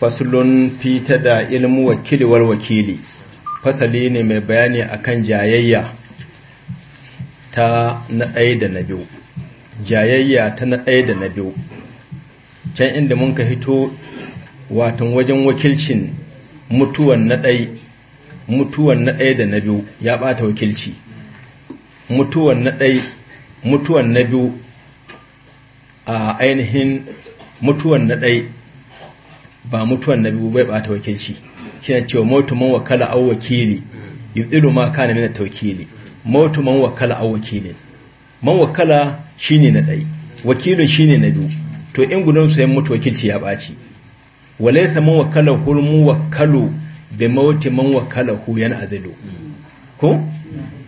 fasulun fita da ilmu wakili wakili fasali ne mai bayani akan jayayya ta na ɗaya da na biyu jayayya ta na ɗaya da na biyu can inda mun ka hito watan wajen wakilcin mutuwan na ɗai mutuwan na ɗaya da na biyu ya ɓata wakilci mutuwan na ɗai mutuwan na biyu a ainihin mutuwan na ɗai ba mutuwan na biyu bai bata wakilci shi na cewa mautu man wakala au wakili yubdilu ma kana min wakili. mautu man wakala au wakilin man wakala ne na ɗai wakilin shi ne na biyu to in gudun su mutu wakilci ya ɓaci walaysa man wakala hulmu wakalo bai mauti man wakala hu yana azalu ko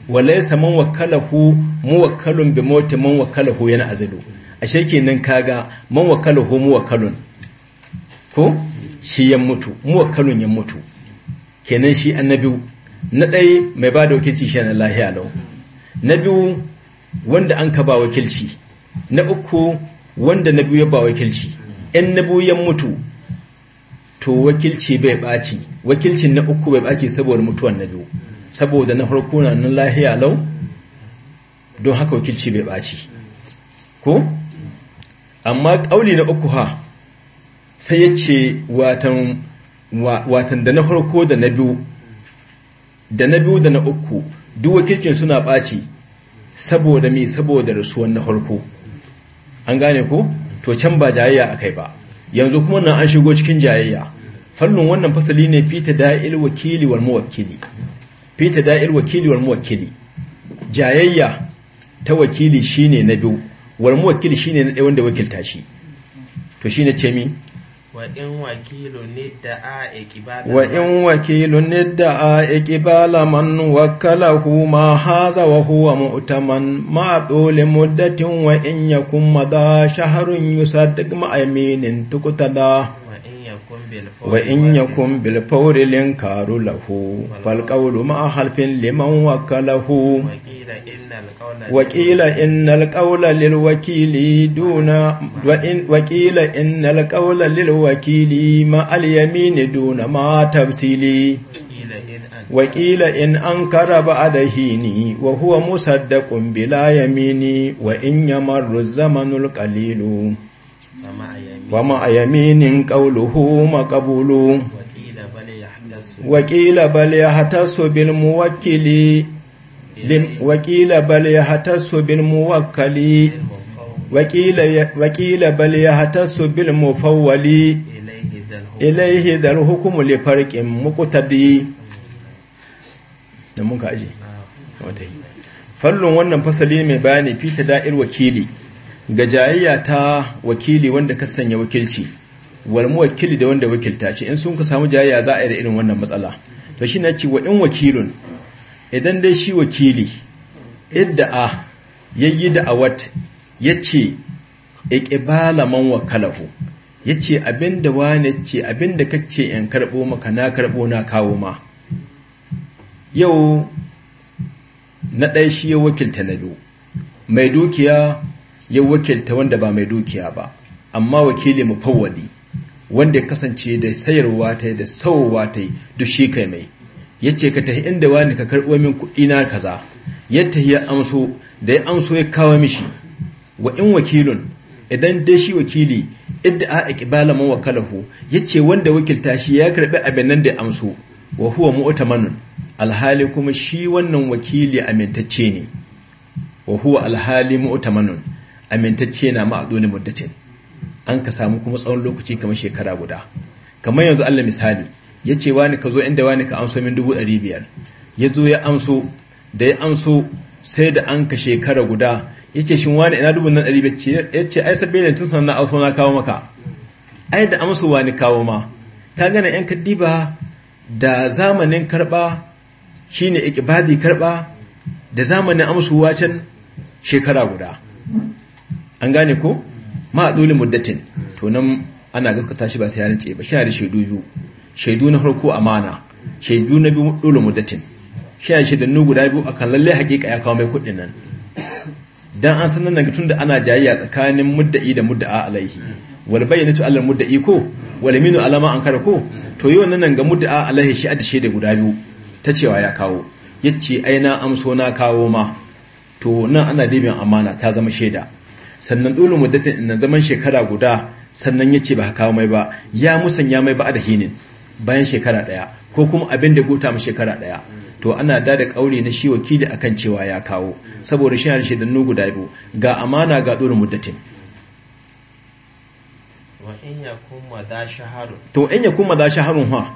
walaysa man wakala hu wakalun bi mauti man wakala hu yana azalu ashe kenan kaga man wakala ho muwakalun ko shi ya mutu muwakalun ya mutu kenan shi annabi na ɗaya mai ba da wakilci shi na lahiya lau na biyu wanda an ka ba wakilci na uku wanda na biyu ya ba wakilci ‘yan na biyu ya mutu to wakilci bai baci wakilcin na uku bai baci saboda mutuwan na biyu saboda na farko na nan lahiya lau don haka wakilci bai baci ko amma ƙauli na uku ha sai ya ce watan da na farko da na biyu da na biyu da na uku duk wakilcin suna ɓaci saboda mai saboda rasuwan na farko an gane ko to can ba jayayya akai ba yanzu kuma nan an shigo cikin jayayya fallon wannan fasali ne fita da'il wakili wal muwakili fita da'il wakili wal muwakili jayayya ta wakili shine na biyu wal muwakkil shine wanda wakilta shi to shine ce mi wa in wakilun nidda'a iqbala man hu ma haza wa huwa mu'taman ma dole muddatin wa in yakun madha shahrun yusaddiq ma aminin tuqtada wa in yakun bil fawri karu lahu fal qawlu ma halfin liman wakkalahu وقيل إن القول للوكيل دون وقيل إن القول للوكيل ما اليمين دون ما تفصيل وقيل إن أنكر بعد هين وهو مصدق بلا يمين وإن يمر الزمن القليل وما يمين قوله مقبول وقيل بل يحتس بالموكل bal وقيل بل يهتس بالموكل وقيل, وقيل بل يهتس بالمفول إليه ذا الحكم لفرق مقتدي mun ka aje fallon wannan fasali mai bayani fita da'ir wakili ga jayayya ta wakili wanda ka sanya wakilci wal muwakkili da wanda wakilta shi in sun ka samu jayayya za a yi da irin wannan matsala to shi na ce wa in wakilun idan dai shi wakili idda a yayi da'awat yace iqbala man wakalahu yace abinda wani ce abinda kace in karbo maka na karbo na kawo ma yau na ɗaya shi ya wakilta na biyu mai dukiya ya wakilta wanda ba mai dukiya ba amma wakili mu mufawwadi wanda ya kasance da sayarwa ta da sauwa ta duk shi kai mai ya ce ka tafi inda wani ka karɓo min kuɗi na kaza ya tafi ya amso da ya amso ya kawo mishi wa in wakilun idan dai shi wakili idda a iqbala man wakalahu yace wanda wakilta shi ya karɓi abin nan da amso wa huwa mu'tamanun alhali kuma shi wannan wakili amintacce ne wa huwa alhali mu'tamanun amintacce na ma'adoni muddatin an ka samu kuma tsawon lokaci kamar shekara guda kamar yanzu Allah misali ya ce wani ka zo inda wani ka amso min dubu ɗari biyar ya zo ya amso da ya amso sai da an ka shekara guda ya ce shin wani ina dubu nan ɗari biyar ya ce ai sabbe ne tun sannan auso na kawo maka ai da amso wani kawo ma ta gana yan diba da zamanin karɓa shine ikibadi karɓa da zamanin amsuwa can shekara guda an gane ko ma a dole muddatin to nan ana gaskata shi ba sai ya rance ba shi na da shaidu biyu shaidu na farko amana shaidu na biyu dole muddatin shi nugu guda biyu akan lallai hakika ya kawo mai kuɗi nan dan an sanar daga tunda ana jayayya tsakanin mudda'i da mudda'a alaihi wal bayyinatu alal mudda'i ko wal minu alama an kada ko to yi wannan nan ga mudda'a alaihi shi a da guda biyu ta cewa ya kawo yace ai na amso na kawo ma to nan ana dibin amana ta zama shaida sannan dole muddatin nan zaman shekara guda sannan yace ba kawo mai ba ya musanya mai ba da hinin bayan shekara ɗaya ko kuma abin da guta mu shekara ɗaya to ana da da kauri na shi wakili akan cewa ya kawo saboda shi harshe da nugu da biyu ga amana ga dorin muddatin to in ya kuma da shaharun ha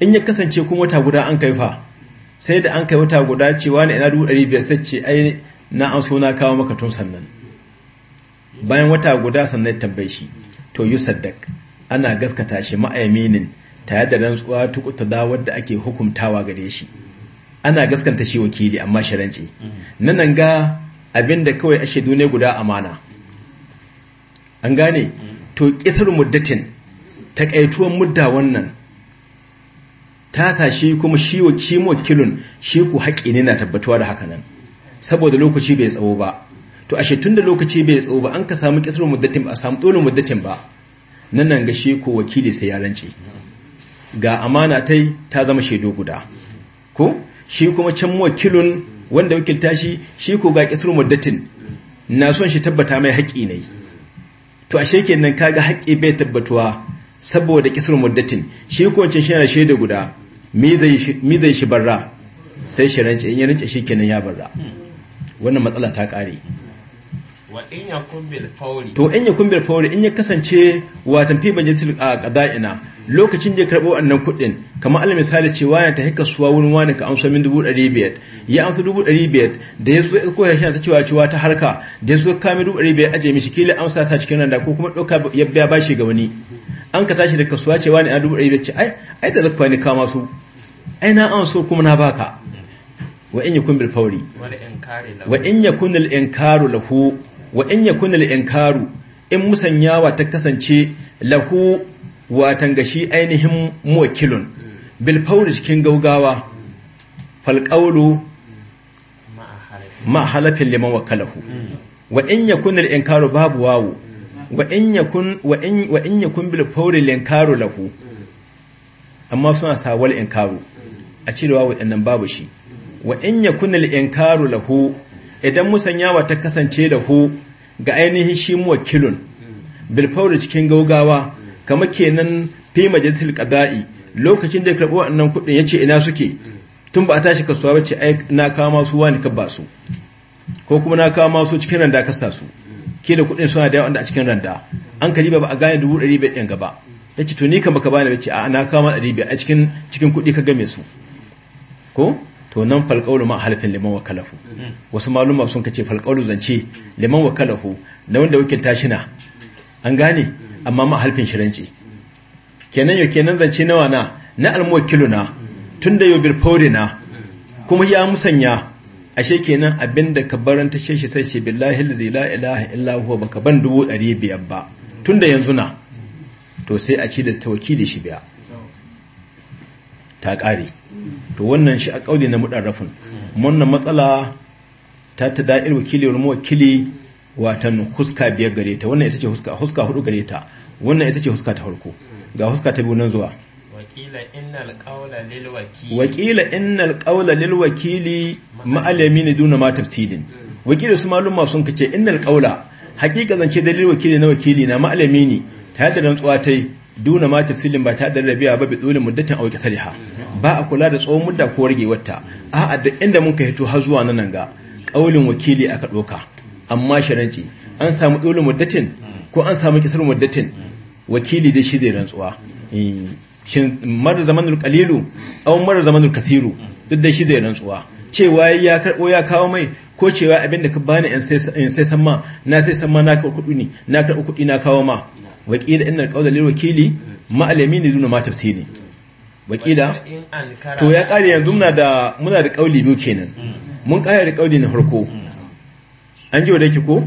in ya kasance kuma wata guda an kai fa sai da an kai wata guda cewa ne ina dubu ɗari biyar sai ce ai na an so na kawo maka tun sannan bayan wata guda sannan tambayi shi to yi saddak ana gaskata shi ma'aiminin. tare da rantsuwa tukuta da wadda ake hukumtawa gare shi ana gaskanta shi wakili amma sharanci mm-hmm. nan ga abin da kawai ashe duniya guda amana an gane mm-hmm. to kisar muddatin takaituwan mudda wannan ta sashe kuma shi wakilin shi ku haƙi ne na tabbatuwa da haka nan saboda lokaci bai tsawo ba to ashe tun da lokaci bai tsawo ba an ka samu kisar muddatin ba a samu dole muddatin ba nan nan ga shi ko wakili sai ya rance mm-hmm. ga amana ta ta zama shaidu guda ko shi kuma can wakilun wanda wakilta shi shi ko ga kisru muddatin na son shi tabbata mai haƙi ne to ashe kenan kaga haƙi bai tabbatuwa saboda kisru muddatin shi ko wancan shi na shaida guda me zai shi barra sai shi rance in ya rance shi kenan ya barra wannan matsala ta ƙare to in ya kumbil fauri in ya kasance watan fi majalisar a ƙada'ina lokacin da ya karɓo wannan kuɗin kama alal misali cewa yana ta haika suwa wurin wani ka amsa min dubu ɗari biyar ya amsa dubu ɗari biyar da ya zo ya koya shi ta cewa cewa ta harka da ya zo kame dubu ɗari biyar aje mishi kila amsa sa cikin randa ko kuma ɗauka ya biya bashi ga wani an ka tashi da kasuwa ce wani a dubu ɗari biyar ce ai da zakwani ka kama su ai na amsa kuma na baka wa in yakun bil fawri wa in yakun al inkaru lahu wa in yakun al inkaru in musanyawa ta kasance lahu watan ga shi ainihin mokilun bil fauri cikin gaugawa falƙaulu ma halafin liman wakalahu wa in yakun al-inkaru babu wawu wa in yakun wa in wa in yakun bil fauri al lahu amma suna sawal inkaru a cire wawu dinnan babu shi wa in yakun al-inkaru lahu idan musanyawa ta kasance hu ga ainihin shi muwakkilun bil fauri cikin gaugawa kamar kenan fi majalisar kada'i lokacin da ya karɓi wannan kuɗin ya ce ina suke tun ba a tashi kasuwa ba ce ai na kawo masu wani ka ba su ko kuma na kawo masu cikin randa ka sa su ke da kuɗin suna da yawan da a cikin randa an kaliba ba a gane dubu ɗari biyar ɗin gaba ya ce to ni kama ka bani ce a na kawo ɗari biyar a cikin cikin kuɗi ka game su ko to nan falƙaulu ma halifin liman wa kalafu wasu maluma sun ka ce falƙaulu zance liman wa kalafu na wanda wakilta shi na an gane amma ma halfin shiranci kenan yau kenan zance nawa na na na tun da yau na kuma ya musanya ashe kenan abinda ka baranta shi sai shi billahi la ilaha illa huwa baka ban dubu ɗari biyar ba tun da yanzu na to sai a ci da ta wakili shi biya ta ƙare to wannan shi a ƙaudi na mudarrafin wannan matsala ta ta da'ir wakili wani wakili watan huska biyar gare ta wannan ita ce huska huska hudu gare ta wannan ita ce huska ta farko ga huska ta biyu nan zuwa wakila innal qawla lil wakili ma'alami ne duna ma tafsilin wakila su ma sun kace innal qawla hakika zance dalil wakili na wakili na ma'alami ne ta yadda rantsuwa ta duna ma tafsilin ba ta da rabiya ba bi dole muddatin auki sariha ba a kula da tsawon mudda ko rage wata a'a da inda mun ka hito har zuwa nan ga qaulin wakili aka doka amma Shiranci, an samu dole muddatin ko an samu kisar muddatin wakili da shi zai rantsuwa eh, shin marar zamanul qalilu aw marar zamanul kasiru duk da shi zai rantsuwa cewa ya karbo ya kawo mai ko cewa abinda ka bani in sai san ma na sai san ma na karbo kudi ne na karbo kudi na kawo ma wakila inna qawla lil wakili ma ne duna ma tafsiri wakila to ya kare yanzu muna da muna da kauli biyu kenan mun kare da kauli na farko an ji wadaki ko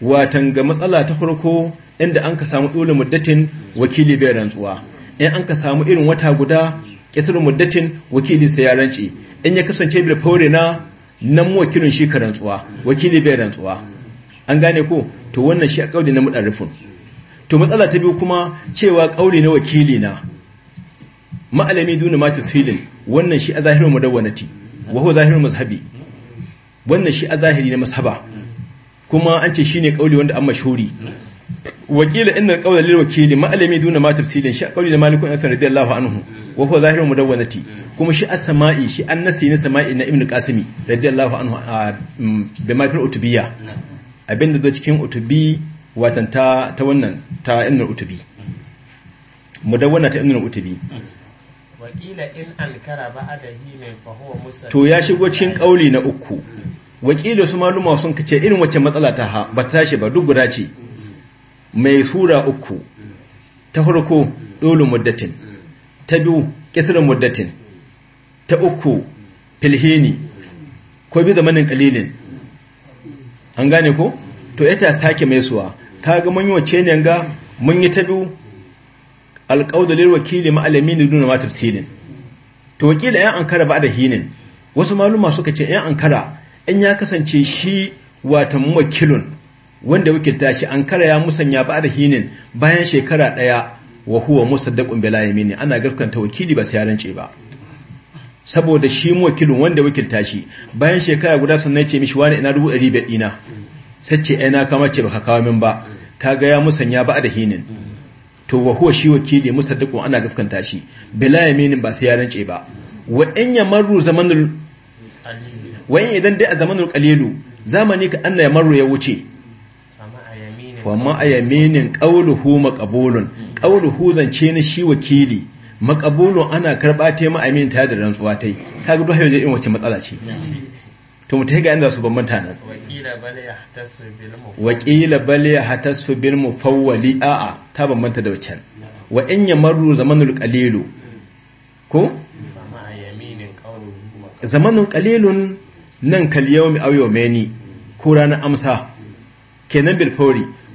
watan ga matsala ta farko inda an ka samu dole muddatin wakili bai rantsuwa in an ka samu irin wata guda kisar muddatin wakili sai ya rance in ya kasance bil faure na nan wakilin shi ka rantsuwa wakili bai rantsuwa an gane ko to wannan shi a kauli na mudarrifin to matsala ta biyu kuma cewa kauli na wakili na ma'alami duna ma tusfilin wannan shi a zahirin mudawwanati wa huwa zahirin mazhabi wannan shi a zahiri na mashaba kuma an ce shine kauli wanda an mashhuri wakila inna qawla lil wakili ma alimi duna ma tafsilin shi kauli da malikun anas radiyallahu anhu wa huwa zahirun mudawwanati kuma shi a samai shi annasi ne sama'i na ibnu qasimi radiyallahu anhu mm, bi ma fil utubiyya abinda da cikin utubi watan ta ta wannan ta ibnu utubi mudawwana ta ibnu utubi wakila in ankara ba'da hi mai fa huwa musallin to ya shigo cikin kauli na uku wakilu su maluma sun kace irin wacce matsala ta ha ba ta tashi ba duk guda ce mai sura uku ta farko dole muddatin ta biyu kisirin muddatin ta uku filhini ko bi zamanin kalilin an gane ko to ita sake mai suwa kaga mun yi wacce ne ga mun yi ta biyu alƙaudalin wakili ma'alami ne nuna ma tafsirin to wakila yan ankara ba da hinin wasu maluma suka ce yan ankara in ya kasance shi wata wakilun wanda wakilta shi an kara ya musanya ba da hinin bayan shekara daya wa huwa musaddaqun bila yamini ana gaskanta wakili ba sai ya rance ba saboda shi wakilin wanda wakilta shi bayan shekara guda sun ce mishi wani ina dubu ɗari biyar ɗina sai ce kama ce baka kawo min ba kaga ya musanya ba da hinin to wa huwa shi wakili musaddaqun ana gaskanta shi bila yaminin ba sai ya rance ba wa in yamaru zamanul wayan idan dai a zamanin kalilu zamani ka annaya yamaru ya wuce Kuma a yaminin qawluhu maqbulun hmm. qawluhu zance na shi wakili maqbulun ana karba ta ma amin ta da rantsuwa Ka ga duk hayo din wace matsala ce to mutai ga yanzu su bambanta nan wakila bal ya hatasu bil Fawwali. a'a ta bambanta da waccan. wa in ya maru zamanul qalilu ko zamanin kalilun nan kal yawmi aw yawmaini ko ranar amsa kenan bil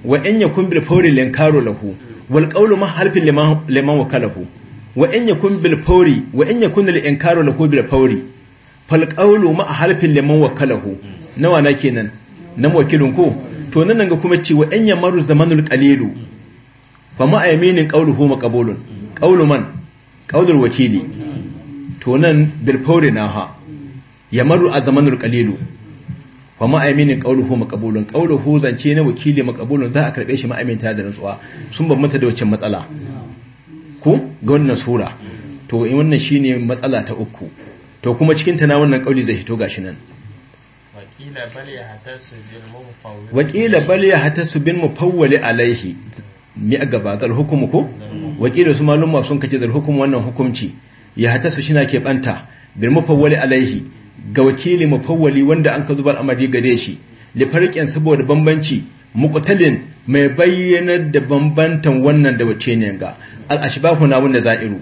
wa in yakun bil fawri linkaru lahu wal qawlu ma harfin liman wakalahu wa in yakun bil wa in yakun al inkaru lahu bil fawri fal qawlu ma harfin liman wakalahu nawa na kenan nan wakilin ko to nan ga kuma wa in yamaru zamanul qalilu fa ma qawlu huma qabulun qawlu man qawlul wakili to nan bil na ha. ya maru a zamanar kalilu wa ma'aminin qauluhu maqbulun qauluhu zance na wakili maqbulun za a karbe shi ma'aminta da nutsuwa sun bambanta da wacce matsala ko ga wannan sura to in wannan shine matsala ta uku to kuma cikin ta na wannan kauli zai fito gashi nan wakila bal ya hatasu bin mufawwali alaihi mi a gaba zal hukumu ko wakila su malum sun kace zal hukum wannan hukunci ya hatasu shina ke banta bin mufawwali alaihi ga wakili mafawali wanda an ka zubar amari gare shi saboda bambanci mukutalin mai bayyanar da bambantan wannan da wace ne ga Al'ashi na wanda za'iru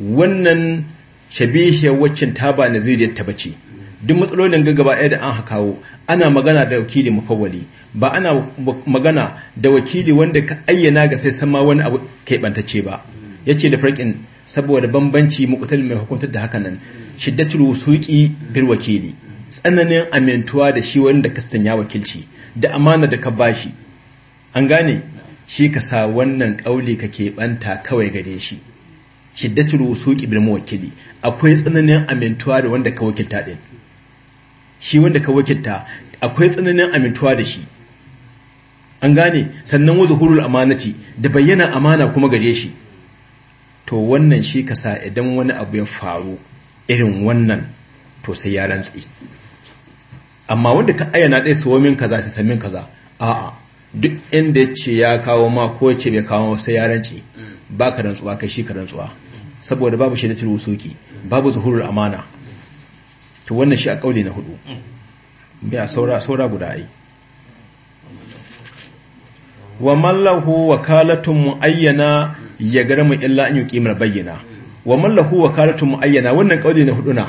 wannan shabihiyar waccin taba naziriyar ta bace duk matsalolin gaggaba ɗaya da an kawo ana magana da wakili mafawali. ba ana magana da wakili wanda ka ayyana ga sai sama wani abu keɓantacce ba yace da farkin saboda bambanci mukutal mai hukuntar da hakan nan shiddatul wusuqi bil wakili tsananin amintuwa da shi wanda ka sanya wakilci da amana da ka bashi an gane shi ka sa wannan kauli ka keɓanta kawai gare shi shiddatul wusuqi bil muwakkili akwai tsananin amintuwa da wanda ka wakilta din shi wanda ka wakilta akwai tsananin amintuwa da shi an gane sannan wuzuhurul amanati da bayyana amana kuma gare shi to wannan shi ka sa idan wani abu ya faru irin wannan to sai ya rantsi amma wanda ka ayyana ɗaya su wamin kaza su samin kaza a'a duk inda ya ce ya kawo ma ko ce bai kawo sai ya rantsi ba ka rantsuwa kai shi ka rantsuwa saboda babu shi turu wusuki babu zuhurar amana to wannan shi a kauli na hudu biya saura saura guda ai wa mallahu wakalatun muayyana ya gara mu illa an yuqi mana bayyana wa mallaku wakalatun wakalatu muayyana wannan ƙaudi na huduna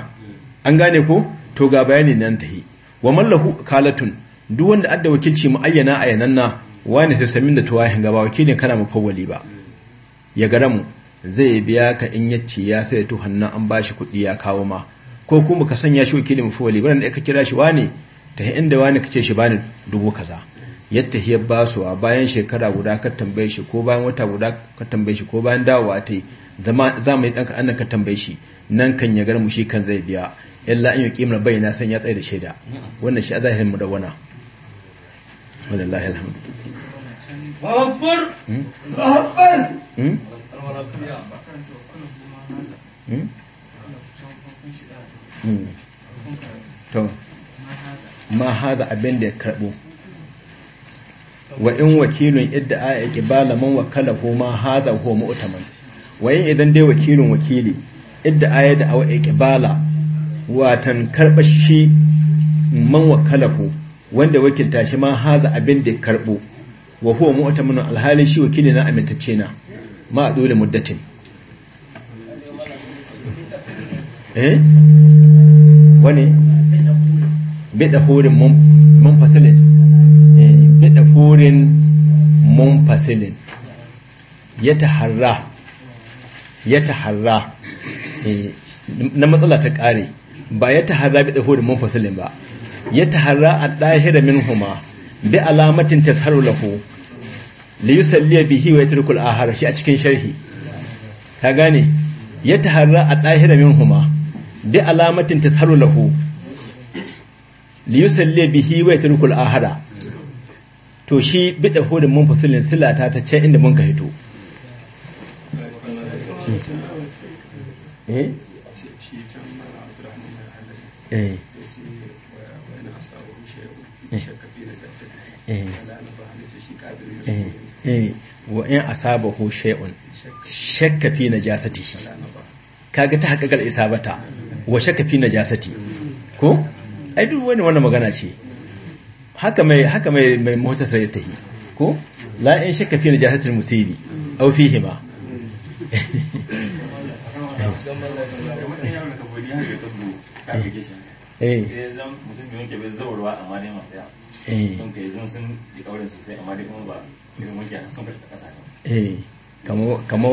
an gane ko to ga bayani nan tahi wa mallaku lahu duk wanda adda wakilci muayyana na wani sai samin da tuwa hinga gaba wakilin kana fawali ba ya gara mu zai biya ka in yace ya sai tuhan nan an bashi kuɗi ya kawo ma ko kuma ka sanya shi wakilin mufawwali wannan da ka kira shi wani ta inda wani kace shi bani dubu kaza yadda ya ba su a bayan shekara guda ka tambaye shi ko bayan wata guda ka tambaye shi ko bayan dawowa ta yi yi ɗanka annan ka tambaye shi nan kan ya garmu shi kan zai biya illa an yi kimar bayyana san ya tsaye da shaida wannan shi a zahirin mu da wana wallahi alhamdu hmm? Hmm? Hmm? ma haza abin da ya karbo wa in wakilun idda a iqbala man wakala ko ma haza huwa mu'utaman wa yin idan dai wakilun wakili idda a da ƙi bala watan Karɓar, shi man wakala ko wanda wakilta shi ma haza abin da karɓo wa huwa mu'utaman alhalin shi wakili na amintacce na ma a dole muddatin eh wani hurin mun burin munfasilin ya taharra ya taharra eh, na matsala ta ƙare ba ya taharra bi tsafo da munfasilin ba ya taharra a ɗahira min huma bi alamatin tasharu lahu li yusalli bihi wa yatrukul ahar shi a cikin sharhi ka gane ya taharra a ɗahira min huma bi alamatin tasharu lahu li yusalli bihi wa yatrukul ahara to shi bida hudun mun fasilin silata ta ce inda mun ka hito eh? Eh. Eh. wa in ko sha’un shakka fi najasatihi kaga ta haƙaƙar isabata wa shakka fi jasati ko ai duk wani wannan magana ce haka mai haka mai mai muhtasar ta tahi ko la in shakka fi najasatil musibi aw fihi ma eh, eh. eh. eh. kamar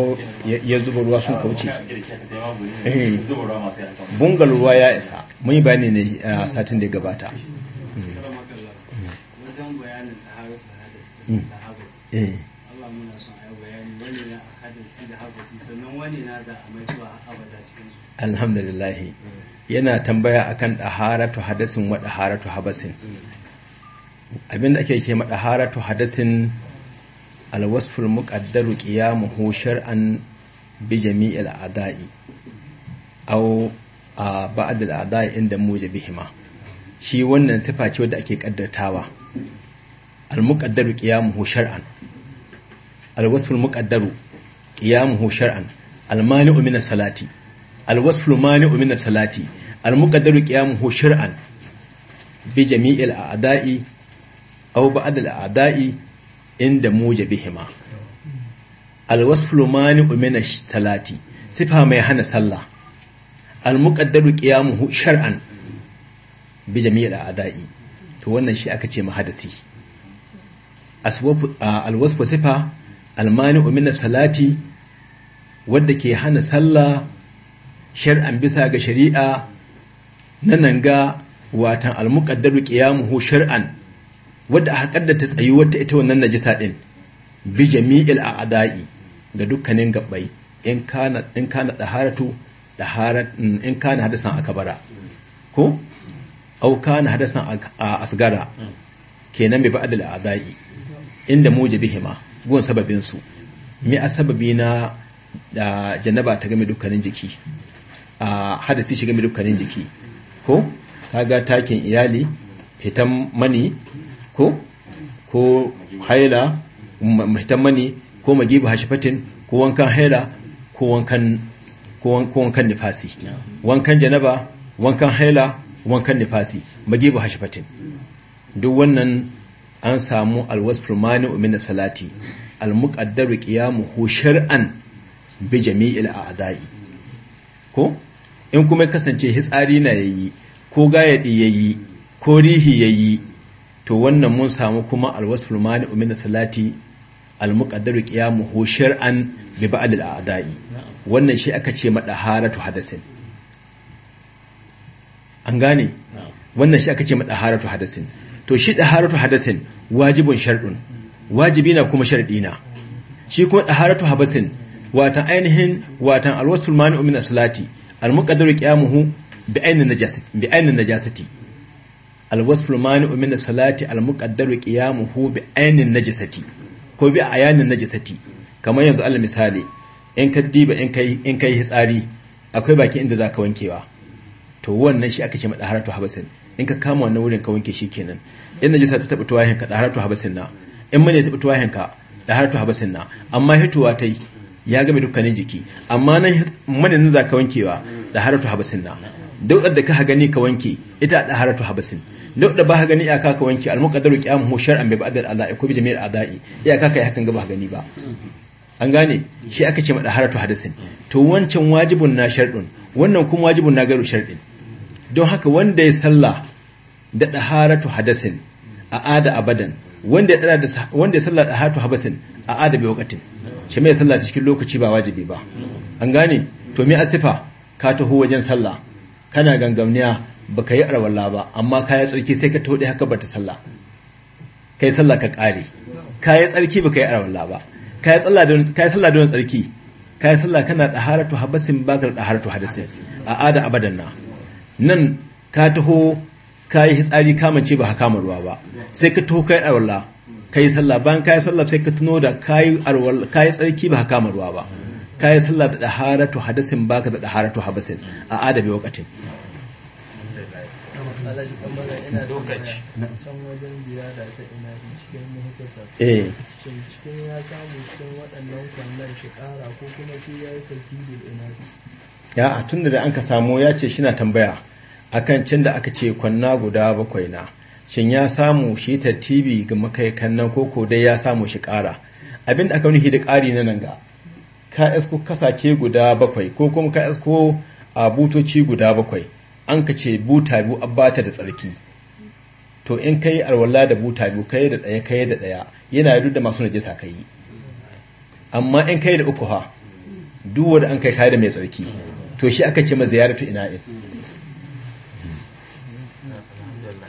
ya zuba ruwa sun kauce bungal ruwa ya isa mun yi bayani ne a satin da gabata Mm. Eh. Mm. alhamdulillahi mm. Yana tambaya akan ɗaharatu hadasin wa ɗaharatu habasin. Abinda ake ce ma ɗaharatu hadasin alwasful muqaddaru qiyamuhu shar'an bi jami'il a'da'i aw ba'd al a'da'i inda shi wannan sifa ce wadda ake ƙaddatawa. al-muqaddaru qiyamuhu shar'an al-wasfu al-muqaddaru qiyamuhu shar'an al-mani'u min as-salati al-wasfu al-mani'u min as-salati al-muqaddaru qiyamuhu shar'an bi jami'il a'da'i aw ba'd al-a'da'i inda mujibihima al-wasfu al-mani'u min as-salati sifa mai hana sallah al-muqaddaru qiyamuhu shar'an bi jami'il a'da'i to wannan shi aka ce mahadasi alwasfa sifa almani umina salati wadda ke hana sallah shar'an bisa ga shari'a na nan ga watan almuqaddaru qiyamuhu shar'an wadda aka kaddata tsayuwar ta ita wannan najisa ɗin bi jami'il a'da'i ga dukkanin gabbai in kana in kana in ka na kana a kabara, ko au kana hadasan asgara hmm. kenan bi ba'd da a'da'i inda muje bihima gun sababin su me a sababi na da janaba ta game dukkanin jiki a hadisi shi game dukkanin jiki ko kaga takin iyali hitan mani ko ko haila fitan mani ko magibu hashifatin ko wankan haila ko wankan ko wankan nifasi wankan janaba wankan haila wankan nifasi magibu hashifatin duk wannan an samu alwasfur mani'u da salati ƙiyamu qiyamuhu shar'an bi jami'il a'da'i ko in kuma kasance hitsari na yayi ko gayadi yayi ko rihi yayi to wannan mun samu kuma alwasfur mani'u da salati almuqaddaru qiyamuhu shar'an bi ba'd al'a'da'i wannan shi aka ce madaharatu hadasin an gane wannan shi aka ce maɗa haratu hadasin to shi ɗaharatu hadasin wajibin sharɗin wajibi na kuma sharɗi na shi kuma ɗaharatu habasin watan ainihin watan alwasul mani'u min aslati almuqaddaru qiyamuhu bi ainihin najasati bi ainin najasati alwasul mani'u min aslati almuqaddaru qiyamuhu bi ainin najasati ko bi ayanin najasati kamar yanzu Allah misali in ka diba in ka yi tsari, hitsari akwai baki inda za ka wankewa to wannan shi aka ce madaharatu habasin in ka kama wannan wurin ka wanke shi kenan in najisa ta taɓa tuwahin ka ɗaharatu habasinna in mani ya taɓa tuwahin ka ɗaharatu habasinna amma hituwa tai ya game dukkanin jiki amma nan mani nan za ka wankewa ɗaharatu habasinna daudar da ka gani ka wanke ita ɗaharatu habasin da ba ka gani iyaka ka wanke almuqaddaru qiyamuhu shar'an bi ba'dal adai ko bi jami'il adai iyaka ka yi hakan ba gani ba an gane shi aka ce dahar haratu hadasin to wancan wajibin na sharɗin wannan kuma wajibun na garu shardin don haka wanda ya sallah da ɗaharatu hadasin a ada abadan wanda ya sallah da ɗaharatu habasin a ada bai wakatin shi mai sallah cikin lokaci ba wajibi ba an gane to me asifa ka taho wajen sallah kana gangamniya ba ka yi arwalla ba amma ka yi tsarki sai ka taho haka ba ta sallah ka yi sallah ka ƙare ka yi tsarki ba ka yi arwalla ba ka yi sallah don tsarki ka yi sallah kana ɗaharatu habasin ba ka ɗaharatu hadasin a ada abadan na nan ka taho ka yi hitsari kamance ba ka kama ruwa ba sai ka taho kai arwala ka yi sallah bayan ka yi sallah sai ka tuno da ka yi tsarki ba ka kama ruwa ba ka yi sallah da ɗaharatu hadasin ba ka da ɗaharatu habasin a adabi wakatin eh. ya tun da an ka samu ya ce shi na tambaya akan cin da aka ce kwanna guda bakwai na shin ya samu shi tartibi ga makaikan nan koko dai ya samu shi kara abinda aka nuhi da ƙari na nan ga ka isko kasace guda bakwai ko kuma ka isko a butoci guda bakwai an ka ce buta biyu abbata da tsarki to in ka yi alwala da buta biyu ka da ɗaya ka da ɗaya yana yi da masu najisa ka yi amma in ka yi da uku ha duk an kai kayi da mai tsarki to shi aka ce ma ina ina'in Hmm?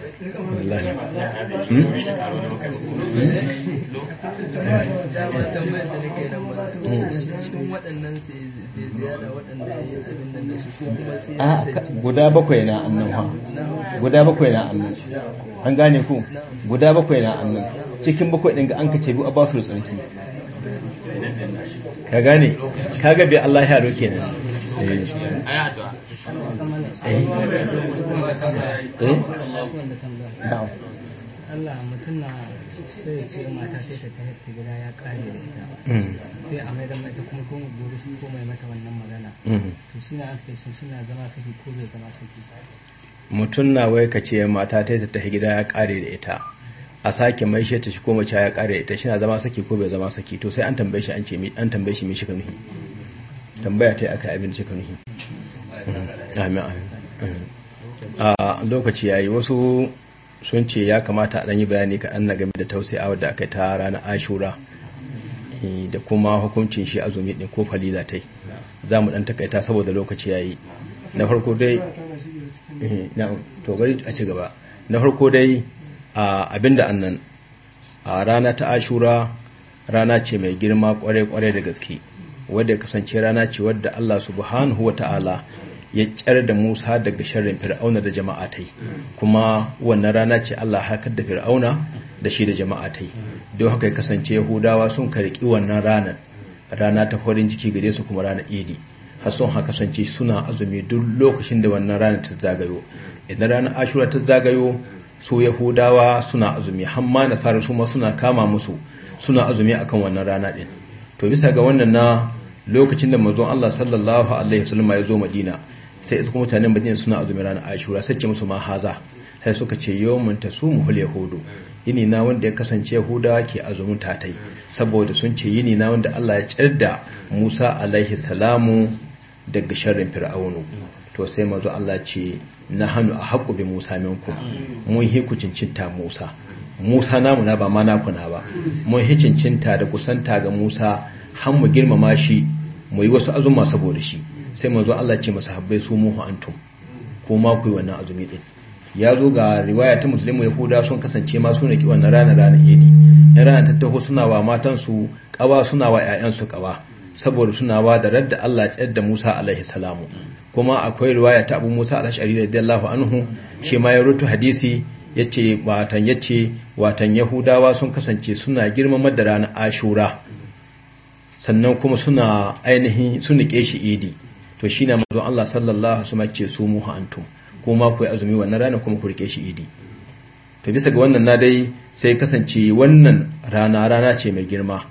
guda bakwai na annan ha guda bakwai na annan an gane ku guda bakwai na annan cikin bakwai ɗin ga an kace biyu a basu da tsarki ka gane ka gabe Allah ya roke nan eh. eh. Eh? Allah mutum na sai ce mata sai ta kai ta gida ya kare da ita mm. sai a mai da mata kuma ko gobe shi ko mai mata wannan magana mm. to shi na aka ce shi na zama saki ko bai zama saki mutum na wai ka ce mata ta ta gida ya kare da ita a sake mai shi ta shi ko mace ya kare ita shina zama saki ko bai zama saki to sai an tambaye shi an ce an tambaye shi me shi kanuhi tambaya ta yi akai abin shi kanuhi mm. amin amin a lokaci ya yi wasu sun ce ya kamata a yi bayani kaɗan na game da tausayawa da aka ta ranar ashura eh, da kuma hukuncin shi azumi ɗin ko faliza ta yi za mu ɗan takaita saboda lokaci ya yi na farko dai eh, to a ci gaba na farko dai abinda annan a rana ta ashura rana ce mai girma kwarai-kwarai da gaske wadda ya kasance rana ce wadda allah subhanahu wa ta'ala ya kyar da Musa daga sharrin Fir'auna da jama'a tai kuma wannan rana ce Allah harkar da Fir'auna da shi da jama'a tai don haka ya kasance Yahudawa sun karki wannan ranar rana ta farin ciki gare su kuma ranar Idi har sun haka kasance suna azumi duk lokacin da wannan rana ta zagayo idan ranar Ashura ta zagayo su Yahudawa suna azumi har ma nasara su ma suna kama musu suna azumi akan wannan rana din to bisa ga wannan na lokacin da manzon Allah sallallahu alaihi wasallam ya zo Madina sai su mutanen madina suna azumin ranar ashura sai ce musu ma haza sai suka ce su mu hulya hudu yini na wanda ya kasance yahudawa ke azumin tatai saboda sun ce yini na wanda Allah ya ciyar da Musa alaihi salamu daga sharrin fir'aunu to sai mazu Allah ce na hannu a haƙu bi Musa minku mun yi ku cincinta Musa Musa namu na ba ma naku na ba mun hi cincinta da kusanta ga Musa har mu girmama shi mu yi wasu azuma saboda shi sai manzo Allah ce habbai su muhu antum ko ma ku yi wannan azumi din ya zo ga riwaya ta musulmi yahuda sun kasance masu su ne ki rana rana idi in rana tattaho suna wa matansu kawa suna wa 'ya'yansu kawa saboda suna wa da radda Allah ya da Musa alaihi salamu kuma akwai riwaya ta Abu Musa al-Ash'ari radiyallahu anhu shi ma ya rutu hadisi yace watan yace watan yahudawa sun kasance suna girmama da ranar ashura sannan kuma suna ainihin su shi idi to shi na mazo Allah sallallahu su ce su muha antum kuma ku yi azumi wannan rana kuma ku rike shi idi to bisa ga wannan na dai sai kasance wannan rana rana ce mai girma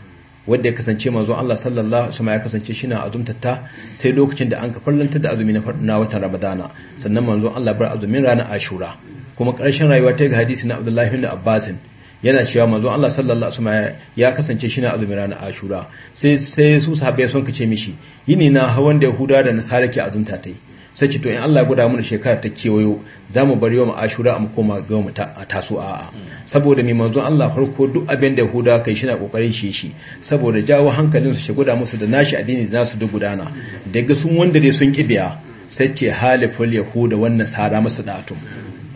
wadda ya kasance mazo Allah sallallahu su ya kasance shi na azumtatta sai lokacin da an ka farlantar da azumi na watan ramadana sannan manzo Allah bar azumin rana ashura kuma ƙarshen rayuwa ta ga hadisi na abdullahi bin abbasin yana cewa manzon Allah sallallahu alaihi wasallam ya kasance shi na azumin ranar Ashura sai sai su sahabbai sun kace mishi yini na hawan da Yahuda da Nasara ke azunta tai sai ce to in Allah ya guda mana shekara ta kewayo za bar yawan Ashura a mu koma ga mu ta taso a'a saboda mai manzon Allah farko duk abin da Yahuda kai shi na kokarin shi shi saboda jawo hankalin su shi guda musu da nashi addini da nasu duk gudana daga sun wanda dai sun kibiya sai ce halifu Yahuda wannan sara masa atum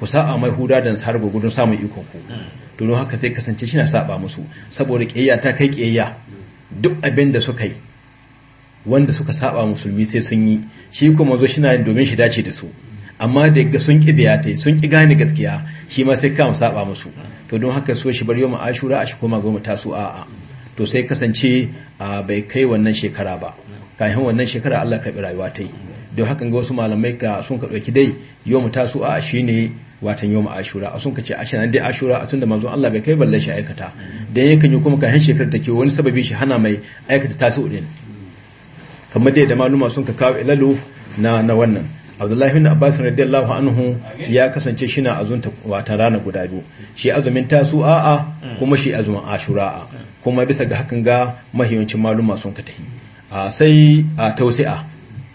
ku a mai Yahuda da Nasara gudun samun ikon ku domin haka sai kasance shi na saba musu saboda ƙiyayya ta kai ƙiyayya duk abin da suka yi wanda suka saba musulmi sai sun yi shi kuma zo shi na domin shi dace da su amma da ga sun ƙi biya ta sun ƙi gane gaskiya shi ma sai kama saba musu to don haka so shi bar yau ashura a shi koma goma ta su a'a to sai kasance bai kai wannan shekara ba kafin wannan shekara Allah karɓi rayuwa ta yi don haka ga wasu malamai ka sun ka ɗauki dai yau mu ta su a'a shine watan yau ashura a sun kace ashirin dai ashura a tunda manzon Allah bai kai balle shi aikata don yakan yi kuma kayan shekarar take wani sababi shi hana mai aikata tasu din kamar dai da maluma sun ka kawo ilalu na wannan Abdullahi bin Abbas radiyallahu anhu ya kasance shi na azunta wata rana guda biyu shi azumin tasu a'a kuma shi azumin ashura kuma bisa ga hakan ga mahiyancin maluma sun ka tahi sai a tausi'a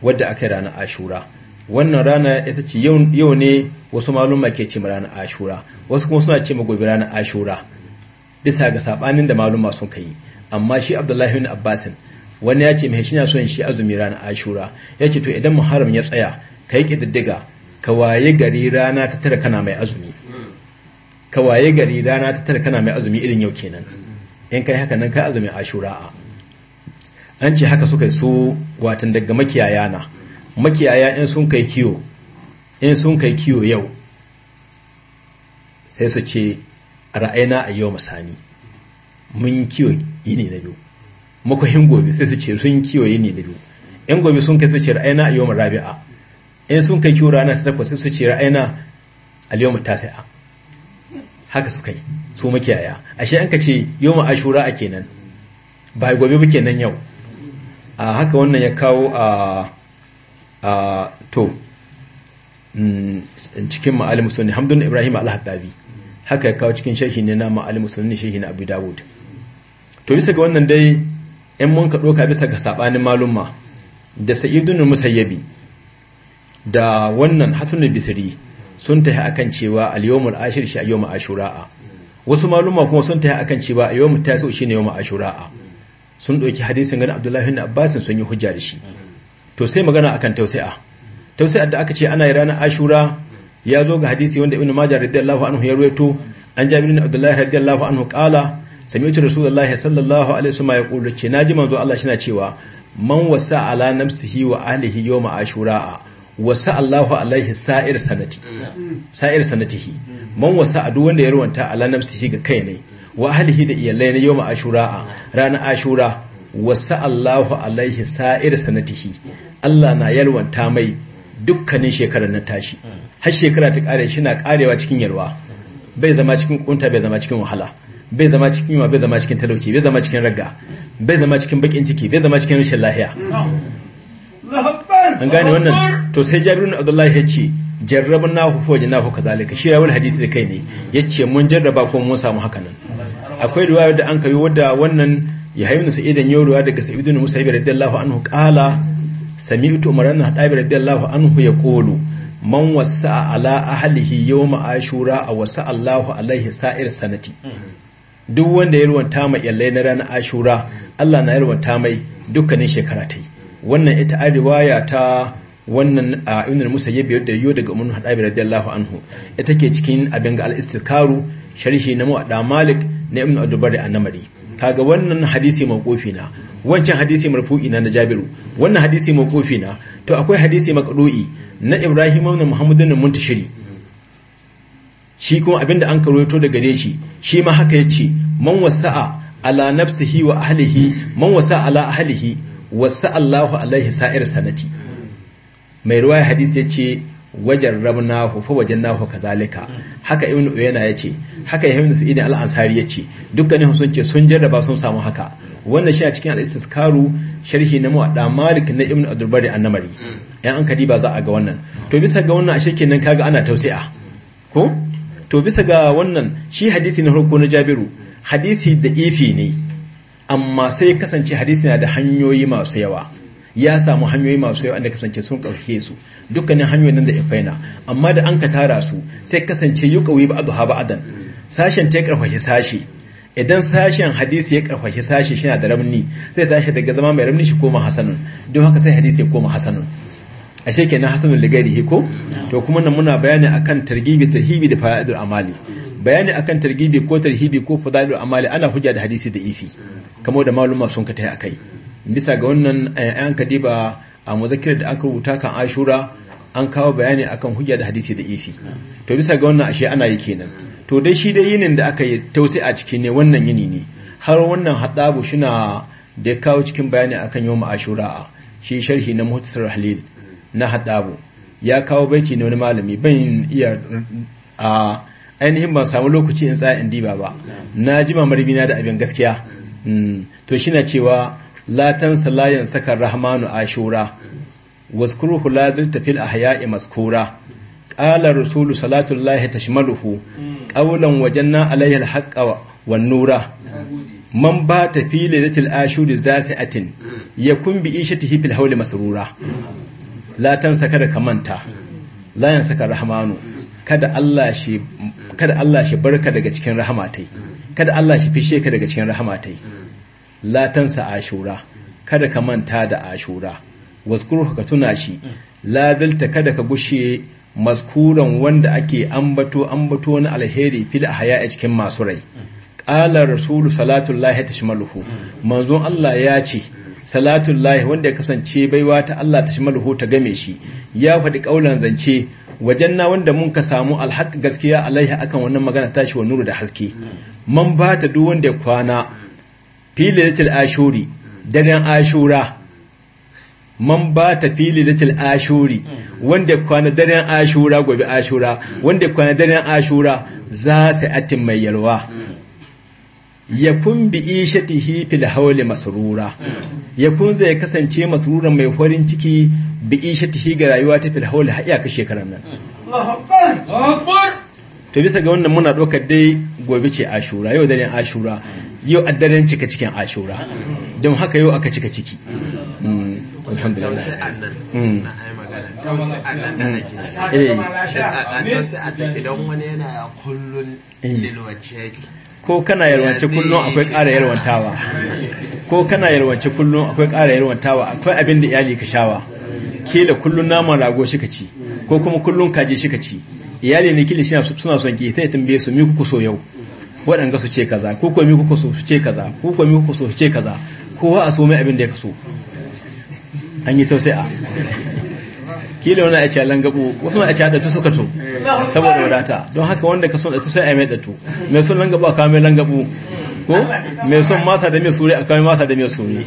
wadda aka yi ranar ashura wannan rana ita ce yau ne wasu maluma ke ce ranar ashura wasu kuma suna ce gobe ranar ashura bisa ga sabanin da maluma sun kai amma shi abdullahi bin abbasin wani ya ce mai shi na son shi azumi ranar ashura ya ce to idan muharram ya tsaya ka yi ƙididdiga ka waye gari rana ta tara kana mai azumi ka waye gari rana ta tara kana mai azumi irin yau kenan in kai haka nan kai azumi ashura an ce haka suka su watan daga makiyaya na makiyaya in sun kai kiwo in sun kai kiyo yau sai su ce ra'ayina a yau masani mun kiwo yini na biyu makwahin gobe sai su ce sun kiwo yini na biyu in gobe sun kai su ce ra'ayina a yau rabi'a in sun kai kiwo rana ta takwas sai su ce ra'ayina a yau tasi'a haka su kai su makiyaya ashe an ka ce yau ashura a kenan ba gobe ba kenan yau a haka wannan ya kawo a a to mm, cikin ma'alim musulmi hamdun ibrahim al-hattabi haka ya kawo cikin shehi ne na ma'alim musulmi shehi na abu dawud to bisa ga wannan dai in mun ka doka bisa ga saɓanin malumma da sa'idun musayyabi da wannan hasan bisiri sun tahi akan cewa al-yawmul ashir shi yawmul ashura'a wasu malumma kuma sun tahi akan cewa yawmul tasi'u shi ne yawmul ashura'a sun ɗauki hadisin ganin abdullahi na abbas sun yi hujja da shi to sai magana akan tausi'a tausi'a da aka ce ana yi ranar ashura ya zo ga hadisi wanda ibn majah radiyallahu anhu ya ruwaito an jabir bin abdullahi radiyallahu anhu qala sami'tu rasulullahi sallallahu alaihi wasallam yaqulu ce naji manzo Allah shina cewa man wasa ala nafsihi wa alihi yawm ashura wasa Allahu alaihi sa'ir sanati sa'ir sanatihi man wasa adu wanda ya ruwanta ala nafsihi ga kai ne wa ahlihi da iyalai na yawm ashura ranar ashura wasa Allahu alaihi sa'ir sanatihi Allah na yalwanta mai dukkanin shekarar na tashi har shekara ta kare shi na karewa cikin yalwa bai zama cikin kunta bai zama cikin wahala bai zama cikin yunwa bai zama cikin talauci bai zama cikin ragga bai zama cikin bakin ciki bai zama cikin rashin lahiya an gane wannan to sai jarirun abdullahi ya ce jarraba na hufu wajen na huka zalika shi rawar hadisi da kai ne ya ce mun jarraba ko mun samu haka nan akwai ruwa da an kayi wadda wannan ya haifin idan yau ruwa daga sa'idun musa ibrahim radiyallahu anhu kala sami'tu umar ibn radiyallahu anhu kolo man wasa ala ahlihi yau ashura a wasa Allahu alaihi sa'ir sanati duk wanda ya ruwanta mai yallai na ranar ashura Allah na ruwanta mai dukkanin shekara ta yi wannan ita ariwaya riwaya ta wannan a biyar da yadda yiwu daga umar hadabi radiyallahu anhu ita ke cikin abin ga al-istikaru sharhi na malik na ibn adubari a namari kaga wannan hadisi mai kofi na wancan hadisi marfu'i na Jabiru wannan hadisi kofi na to akwai hadisi maqdu'i na Ibrahim ibn Muhammad ibn Muntashiri shi kuma abinda an to daga gare shi shi ma haka yace man wasa'a ala nafsihi wa ahlihi man wasa'a ala ahlihi wasa Allahu alaihi sa'ir sanati mai ruwaya hadisi yace wajen rabnahu fa wajen nahu kazalika haka ibnu uyana ya ce haka yahya ibn sa'id al-ansari ya ce dukkanin sun ce sun jarraba sun samu haka wannan shi a cikin al-istiskaru sharhi na muwadda malik na ibnu adrubari annamari yan an kadi ba za a ga wannan to bisa ga wannan ashe kenan kaga ana tausi'a ko to bisa ga wannan shi hadisi na farko na jabiru hadisi da ifi ne amma sai kasance hadisi na da hanyoyi masu yawa ya samu hanyoyi masu yawa da kasance sun ƙarfe su dukkanin hanyoyin nan da ya faina amma da an ka tara su sai kasance yi ƙauye ba a duha ba adan sashen ta ƙarfashe sashi idan sashen hadisi ya ƙarfashe sashe shi da ramni zai tashi daga zama mai ramni shi koma hasanun don haka sai hadisi ya koma hasanun ashe na hasanun ligari ko to kuma nan muna bayani akan targibi tarhibi da fa'idul amali bayani akan targibi ko tarhibi ko fadalul amali ana hujja da hadisi da ifi kamar da maluma sun ka tayi akai bisa ga wannan ayan eh, kadiba a muzakir da aka rubuta kan ashura an kawo bayani akan hujja da hadisi da ifi to bisa ga wannan ashe ana yi kenan to dai shi dai yinin da aka yi tausi a ciki ne wannan yini ne har wannan hadabu shina da ya kawo cikin bayani akan yawm ashura shi sharhi na muhtasar halil na hadabu ya kawo baiti ne wani malami ban iya a ainihin ban samu lokaci in tsaya in diba ba na ji mamar bina da abin gaskiya mm, to shi na cewa latan salayan sakar rahmanu ashura waskuruhu lazirta fil ahya'i maskura ƙalar rasulu maluhu. tashmaluhu wajen na alayhi haƙa wa nura man ba ta da til ashuri zasi'atin yakun bi ishatihi fil hawli masrura latan sakar kamanta layan sakar rahmanu kada Allah shi kada Allah shi barka daga cikin rahmatai kada Allah shi fishe ka daga cikin rahmatai latansa ashura kada ka manta da ashura waskuru ka tuna shi lazilta kada ka gushe maskuran wanda ake ambato ambato na alheri fil haya a cikin masu rai ƙalar rasulu salatullahi tashmaluhu manzon Allah ya ce salatullahi wanda ya kasance baiwa ta Allah tashmaluhu ta game shi ya faɗi kaulan zance wajen na wanda mun ka samu alhaq gaskiya alaiha akan wannan magana tashi wa nuru da haske man ba ta duk wanda ya kwana fililatul ashuri daren ashura man ba ta fililatul ashuri wanda kwana daren ashura gobe ashura wanda kwana daren ashura za su atin mai yalwa kun bi ishatihi fil hawli masrura kun zai kasance masruran mai farin ciki bi ishatihi ga rayuwa ta fil hawli har iyaka shekaran nan to bisa ga wannan muna ɗaukar dai gobe ce ashura yau da daren ashura yau addaren cika cikin ashura don haka yau aka cika ciki mm. mm. eh. eh. ko kana yalwance kullum akwai ƙara yalwantawa ko kana yalwance kullum akwai ƙara yalwantawa akwai abin da iyali ka shawa ke da kullum naman rago shi ka ci ko kuma kullum kaji shi ka ci iyali ne kila suna son ki sai tambaye su mi kuku so yau waɗanga su ce kaza ko mi kuka so su ce kaza ko mi kuka so su ce kaza kowa a so mai abin da ya kaso an yi a kila wani a ce langabo wasu a ce a ɗatu suka to saboda wadata don haka wanda ka son ɗatu a mai ɗatu mai son langabu a kawo mai langabo ko mai son masa da mai sure a kawo masa da mai sure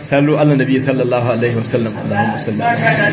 sallu ala nabi sallallahu alaihi wasallam allahumma sallam